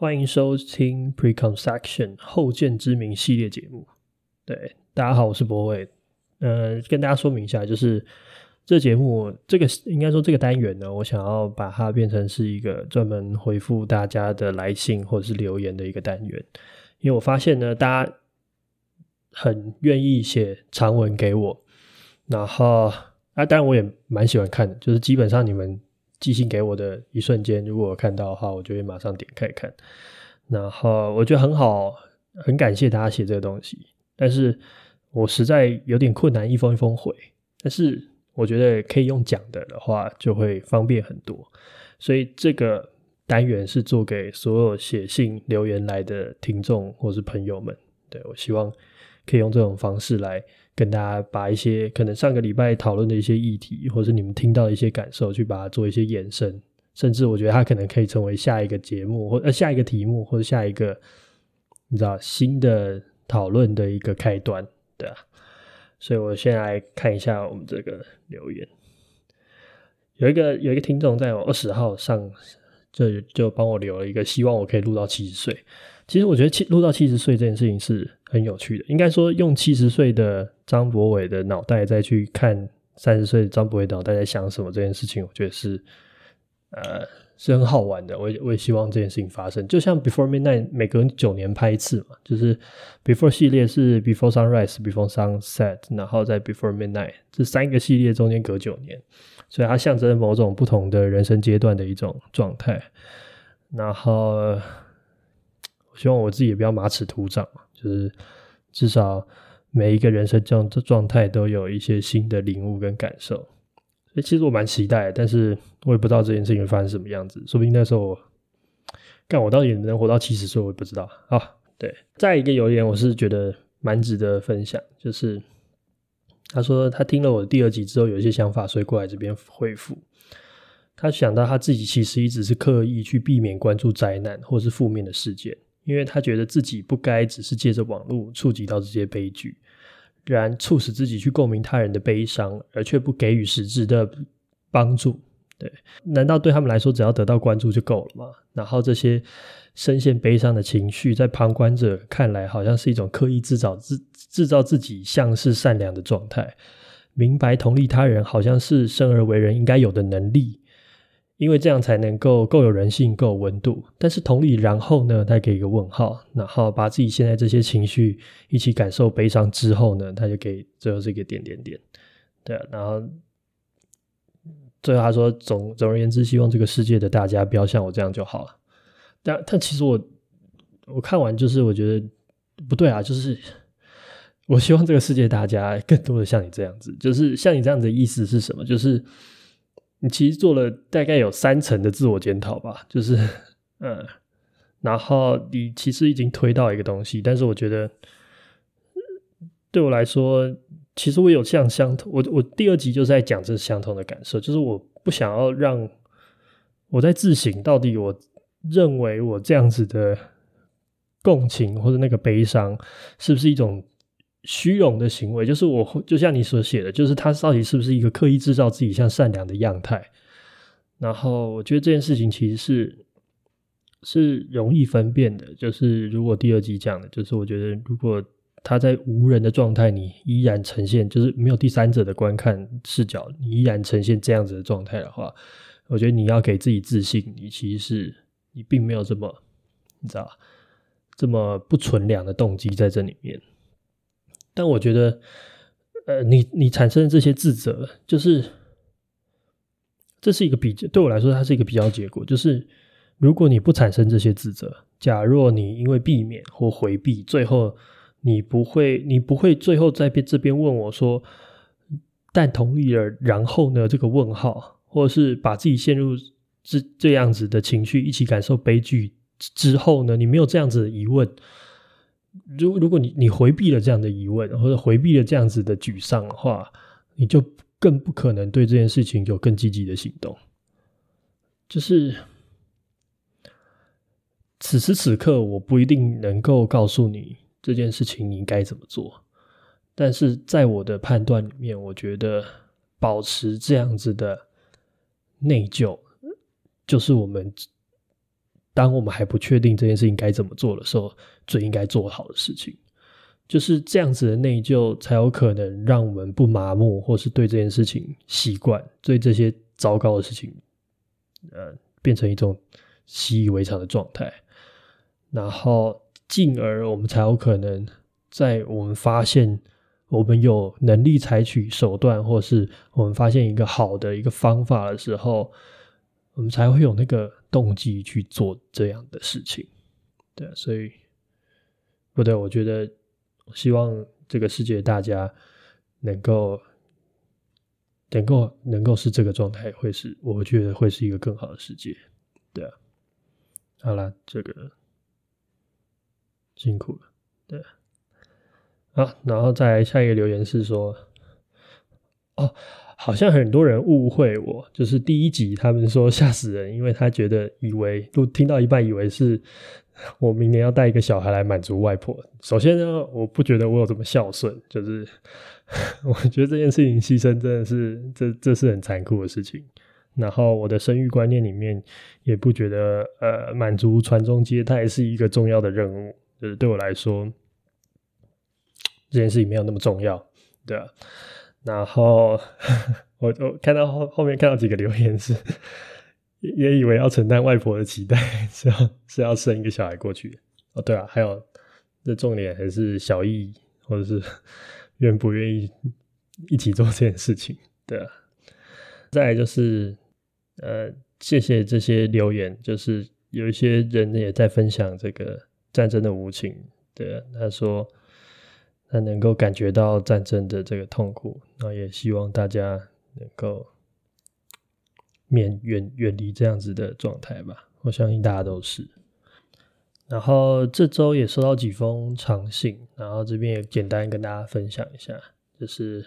歡迎收聽 Preconception 後見之明系列節目。對，大家好，我是博偉。呃，跟大家說明一下，就是這節目這個應該說這個單元呢，我想要把它變成是一個專門回復大家的來信或者是留言的一個單元，因為我發現呢，大家很願意寫長文給我，然後啊，當然我也蠻喜歡看的，就是基本上你們。寄信給我的一瞬間，如果我看到的話，我就會馬上點開看。然後我覺得很好，很感謝大家寫這個東西。但是我實在有點困難，一封一封回。但是我覺得可以用講的的話，就會方便很多。所以這個單元是做給所有寫信留言來的聽眾或是朋友們。對，我希望。可以用這種方式來跟大家把一些可能上個禮拜討論的一些議題，或是你們聽到的一些感受，去把它做一些延伸，甚至我覺得它可能可以成為下一個節目，或呃下一個題目，或者下一個你知道新的討論的一個開端，對啊。所以我先來看一下我們這個留言，有一個有一個聽眾在我二十號上就就幫我留了一個，希望我可以錄到七十歲。其實我覺得七，錄到七十歲這件事情是。很有趣的。應該說，用七十歲的張博偉的腦袋再去看三十歲的張博偉腦袋在想什麼這件事情，我覺得是呃是很好玩的。我也我也希望這件事情發生，就像 Before Midnight 每隔九年拍一次嘛，就是 Before 系列是 Before Sunrise、Before Sunset，然後在 Before Midnight 這三個系列中間隔九年，所以它象徵了某種不同的人生階段的一種狀態，然後。希望我自己也不要馬齒徒長，就是至少每一個人生這樣的狀態都有一些新的領悟跟感受。所以、欸、其實我蠻期待的，但是我也不知道這件事情會發生什麼樣子。說不定那時候，我，幹我到底能活到七十歲，我也不知道啊。對，再一個留言我是覺得蠻值得分享，就是他說他聽了我的第二集之後有一些想法，所以過來這邊回復。他想到他自己其實一直是刻意去避免關注災難或是負面的事件。因為他覺得自己不該只是借着網絡觸及到這些悲劇，然促使自己去共鳴他人的悲傷，而卻不給予實質的幫助。對，難道對他們來說，只要得到關注就夠了嗎？然後這些深陷悲傷的情緒，在旁觀者看來，好像是一種刻意制造、制製造自己像是善良的狀態，明白同理他人，好像是生而為人應該有的能力。因為這樣才能夠夠有人性，夠有溫度。但是同理，然後呢，他給一個問號，然後把自己現在這些情緒一起感受悲傷之後呢，他就給最後這個點點點。對啊，然後最後他說，總總而言之，希望這個世界的大家不要像我這樣就好了。但但其實我我看完就是我覺得不對啊，就是我希望這個世界大家更多的像你這樣子，就是像你這樣子的意思是什麼？就是。你其實做了大概有三層的自我檢討吧，就是嗯，然後你其實已經推到一個東西，但是我覺得對我來說，其實我有這樣相同，我我第二集就是在講這相同的感受，就是我不想要讓我在自省，到底我認為我這樣子的共情或者那個悲傷是不是一種。虛榮的行為，就是我會就像你所寫的，就是他到底是不是一個刻意製造自己像善良的樣態？然後我覺得這件事情其實是是容易分辨的。就是如果第二集講的，就是我覺得如果他在無人的狀態，你依然呈現就是沒有第三者的觀看視角，你依然呈現這樣子的狀態的話，我覺得你要給自己自信，你其實是你並沒有這麼你知道吧？這麼不純良的動機在這裡面。但我覺得，呃，你你產生這些自責，就是這是一個比較對我來說，它是一個比較結果。就是如果你不產生這些自責，假若你因為避免或回避，最後你不會，你不會最後在被這邊問我說，但同意了，然後呢？這個問號，或者是把自己陷入這這樣子的情緒，一起感受悲劇之後呢，你沒有這樣子的疑問。如如果你你回避了這樣的疑問，或者回避了這樣子的沮喪的話，你就更不可能對這件事情有更積極的行動。就是此時此刻，我不一定能夠告訴你這件事情你應該怎麼做，但是在我的判斷裡面，我覺得保持這樣子的內疚，就是我們。當我們還不確定這件事情該怎麼做的時候，最應該做好的事情，就是這樣子的內疚，才有可能讓我們不麻木，或是對這件事情習慣，對這些糟糕的事情，呃，變成一種習以為常的狀態，然後進而我們才有可能在我們發現我們有能力採取手段，或是我們發現一個好的一個方法的時候。我們才會有那個動機去做這樣的事情，對啊，所以不對，我覺得希望這個世界大家能夠能夠能夠是這個狀態，會是我覺得會是一個更好的世界，對啊。好啦，這個辛苦了，對啊。好，然後再下一個留言是說，哦。好像很多人誤會我，就是第一集他們說嚇死人，因為他覺得以為都聽到一半，以為是我明年要帶一個小孩來滿足外婆。首先呢，我不覺得我有這麼孝順，就是我覺得這件事情犧牲真的是這這是很殘酷的事情。然後我的生育觀念裡面也不覺得呃滿足傳宗接代是一個重要的任務，就是對我來說，這件事情沒有那麼重要，對啊。然後，我我看到後後面看到幾個留言是，也以為要承擔外婆的期待，是要是要生一個小孩過去。哦，對啊，還有，這重點還是小義或者是願不願意一起做這件事情，對啊。再來就是，呃，謝謝這些留言，就是有一些人也在分享這個戰爭的無情。對啊，他說。但能夠感覺到戰爭的這個痛苦，那也希望大家能夠免遠遠離這樣子的狀態吧。我相信大家都是。然後這周也收到幾封長信，然後這邊也簡單跟大家分享一下，就是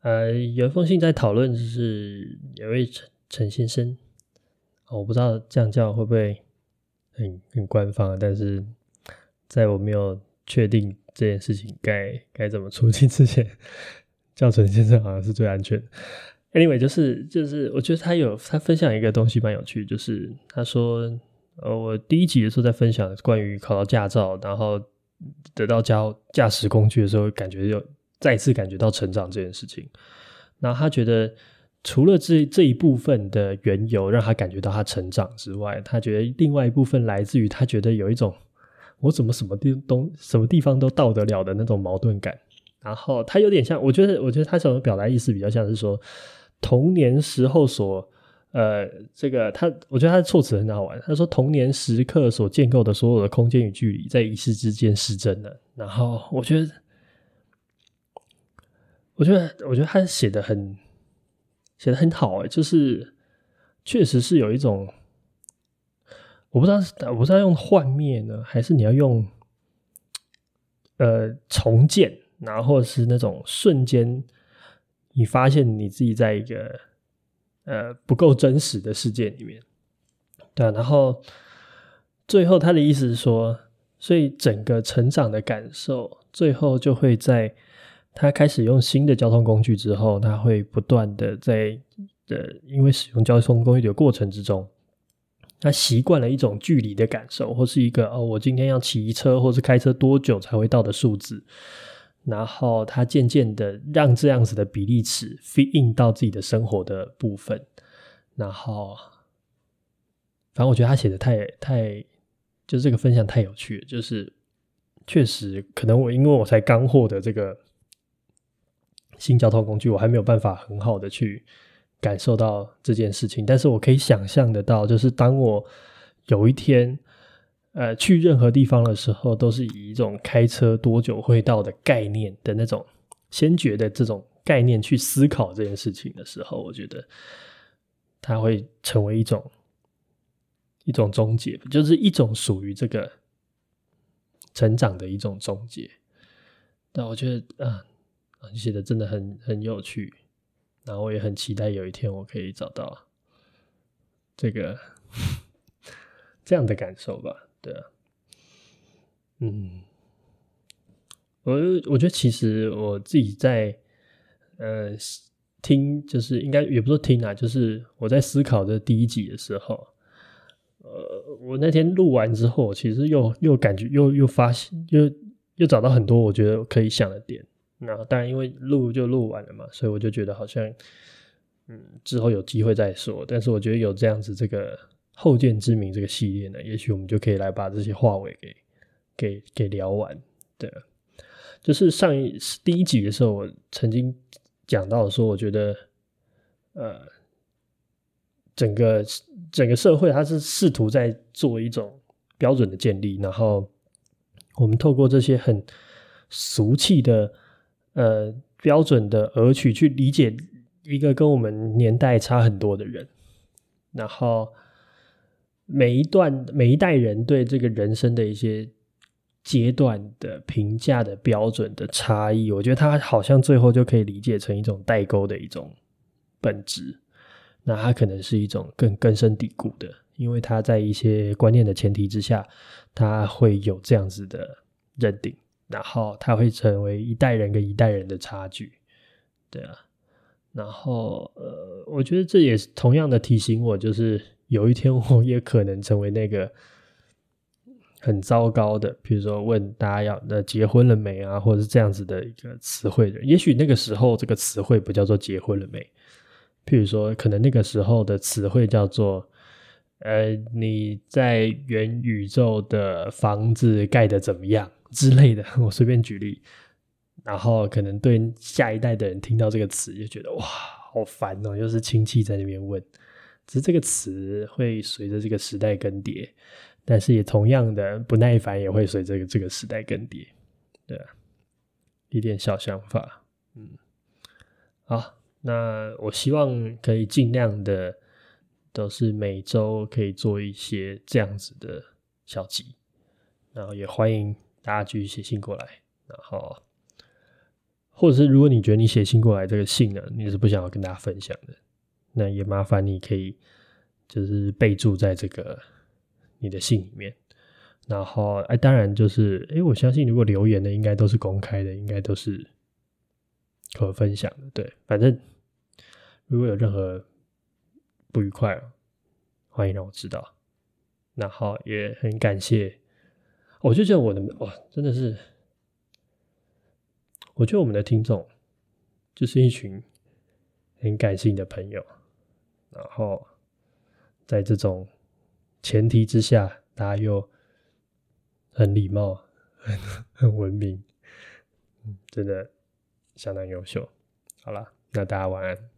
呃有一封信在討論，就是有位陳陳先生、哦，我不知道這樣叫會不會很很官方，但是在我沒有確定。這件事情該該怎麼處理？之前教程先生好像是最安全的。Anyway，就是就是，我覺得他有他分享一個東西蠻有趣，就是他說，呃、哦，我第一集的時候在分享關於考到駕照，然後得到交駕駛工具的時候，感覺有再次感覺到成長這件事情。然後他覺得，除了這這一部分的緣由讓他感覺到他成長之外，他覺得另外一部分來自於他覺得有一種。我怎麼什麼地方都什麼地方都到得了的那種矛盾感，然後他有點像，我覺得，我覺得他想表達意思比較像是說童年時候所呃，這個他，我覺得他的措辭很好玩。他說童年時刻所建構的所有的空間與距離，在一時之間失真了。然後我覺得，我覺得，我覺得他寫的很寫的很好，欸，就是確實是有一種。我不知道是我不知道用幻滅呢，還是你要用呃重建，然後或者是那種瞬間，你發現你自己在一個呃不夠真實的世界裡面，對啊，然後最後他的意思是說，所以整個成長的感受，最後就會在他開始用新的交通工具之後，他會不斷的在呃，因為使用交通工具的過程之中。他習慣了一種距離的感受，或是一個哦，我今天要騎車或是開車多久才會到的數字。然後他漸漸的讓這樣子的比例尺 fit in 到自己的生活的部分。然後，反正我覺得他寫的太太，就是這個分享太有趣了，就是確實可能我因為我才剛獲得這個新交通工具，我還沒有辦法很好的去。感受到這件事情，但是我可以想象得到，就是當我有一天，呃，去任何地方的時候，都是以一種開車多久會到的概念的那種先覺的這種概念去思考這件事情的時候，我覺得它會成為一種一種終結，就是一種屬於這個成長的一種終結。但我覺得啊，你寫的真的很很有趣。然後我也很期待有一天我可以找到這個這樣的感受吧，對啊，嗯，我我覺得其實我自己在呃聽，就是應該也不是聽啊，就是我在思考的第一集的時候，呃，我那天錄完之後，其實又又感覺又又發現又又找到很多我覺得可以想的點。那當然，因為錄就錄完了嘛，所以我就覺得好像，嗯，之後有機會再說。但是我覺得有這樣子這個後見之明這個系列呢，也許我們就可以來把這些話尾給給給聊完，對。就是上一第一集的時候，我曾經講到說，我覺得呃，整個整個社會它是試圖在做一種標準的建立，然後我們透過這些很俗氣的。呃，標準的而取去理解一個跟我們年代差很多的人，然後每一段每一代人對這個人生的一些階段的評價的標準的差異，我覺得他好像最後就可以理解成一種代溝的一種本質。那他可能是一種更根深蒂固的，因為他在一些觀念的前提之下，他會有這樣子的認定。然後他會成為一代人跟一代人的差距，對啊。然後呃，我覺得這也是同樣的提醒我，就是有一天我也可能成為那個很糟糕的，比如說問大家要那結婚了沒啊，或者是這樣子的一個詞彙的。也許那個時候這個詞彙不叫做結婚了沒，譬如說可能那個時候的詞彙叫做呃，你在元宇宙的房子蓋的怎麼樣？之類的，我隨便舉例，然後可能對下一代的人聽到這個詞就覺得哇，好煩哦、喔，又是親戚在那邊問。其實這個詞會隨着這個時代更迭，但是也同樣的不耐煩也會隨着、這個、這個時代更迭，對啊。一點小想法，嗯，好，那我希望可以盡量的都是每周可以做一些這樣子的小集，然後也歡迎。大家繼續寫信過來，然後，或者是如果你覺得你寫信過來這個信呢，你是不想要跟大家分享的，那也麻煩你可以就是備注在這個你的信裡面。然後，哎，當然就是，哎、欸，我相信如果留言的應該都是公開的，應該都是可分享的。對，反正如果有任何不愉快，歡迎讓我知道。然後也很感謝。我就覺得我的哇，真的是，我覺得我們的聽眾就是一群很感性的朋友，然後在這種前提之下，大家又很禮貌、很很文明，真的相當優秀。好啦，那大家晚安。